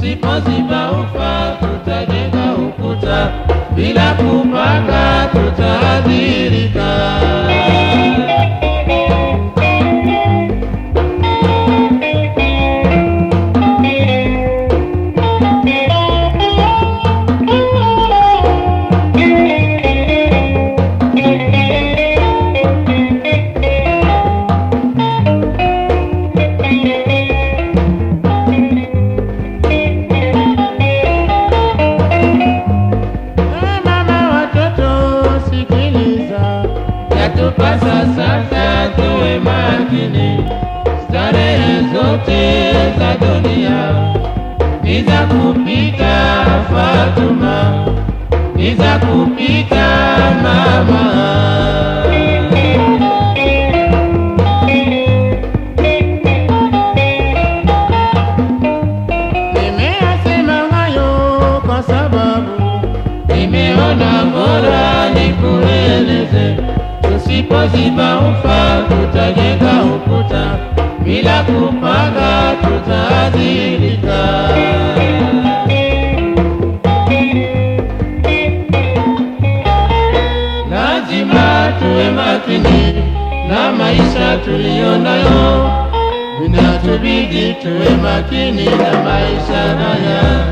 Tusipoziba ufa, tutajenga ukuta, bila kupaka tutaadhirika. Niza kupika Fatuma, niza kupika mama. Nimeyasema hayo kwa sababu nimeona bora nikueleze, tusipoziba ufa tutajenga ukuta, bila kupanga tutazidi lazima tuwe makini na maisha tuliyonayo nayo, inatubidi tuwe makini na maisha haya.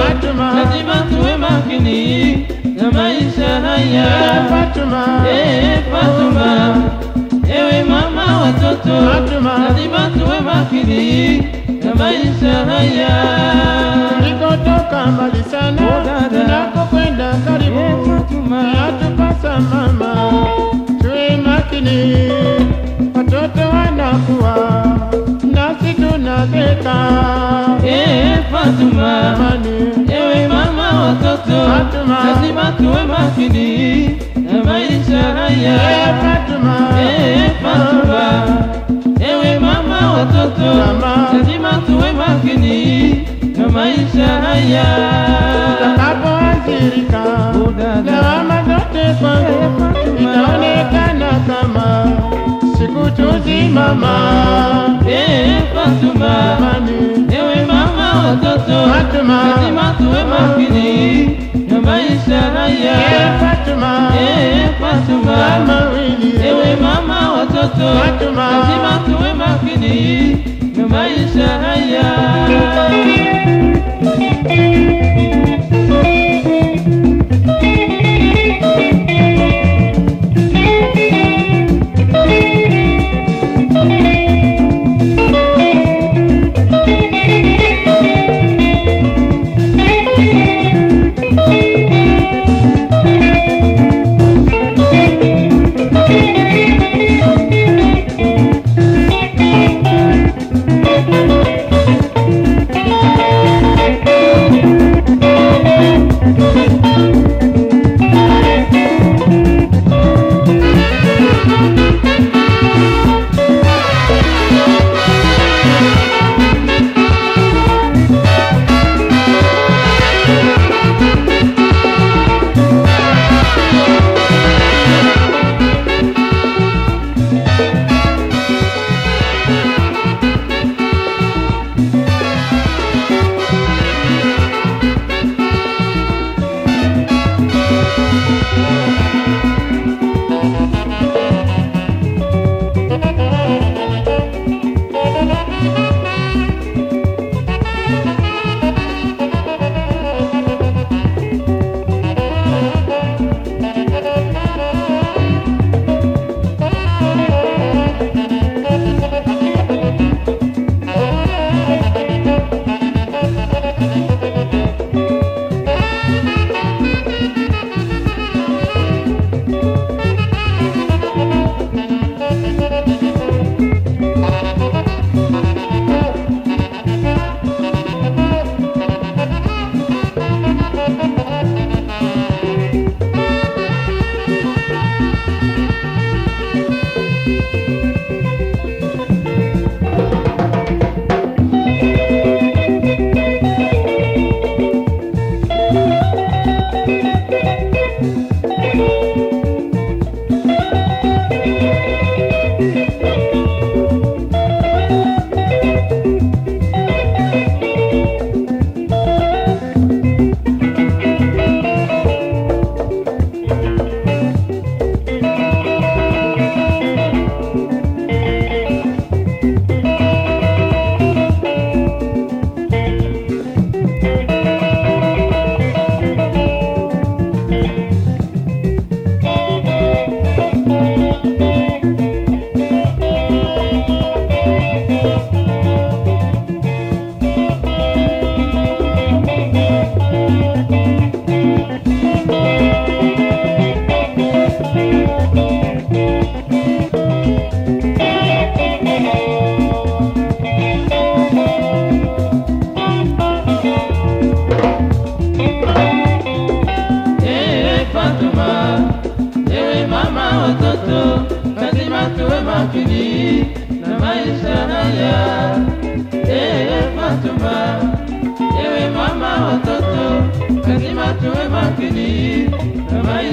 Fatuma, lazima tuwe makini na maisha haya. Fatuma, eh Fatuma, ewe mama watoto, lazima tuwe makini na maisha haya. Nikotoka mbali sana, oh, tunakokwenda karibu, atupasa mama tuwe makini, watoto wanakuwa nasi tunabeka. Eh Fatuma, Fatuma lazima tuwe makini na maisha haya. Fatuma, ewe mama watoto, lazima tuwe makini na maisha haya. Utakapoathirika lawama zote kwangu, itaonekana kama sikutuzi mama. Fatuma Sharaya Ee Fatuma Ee Fatuma Mama Rini Ewe mama watoto Fatuma Fatima tuwe makini Mama Sharaya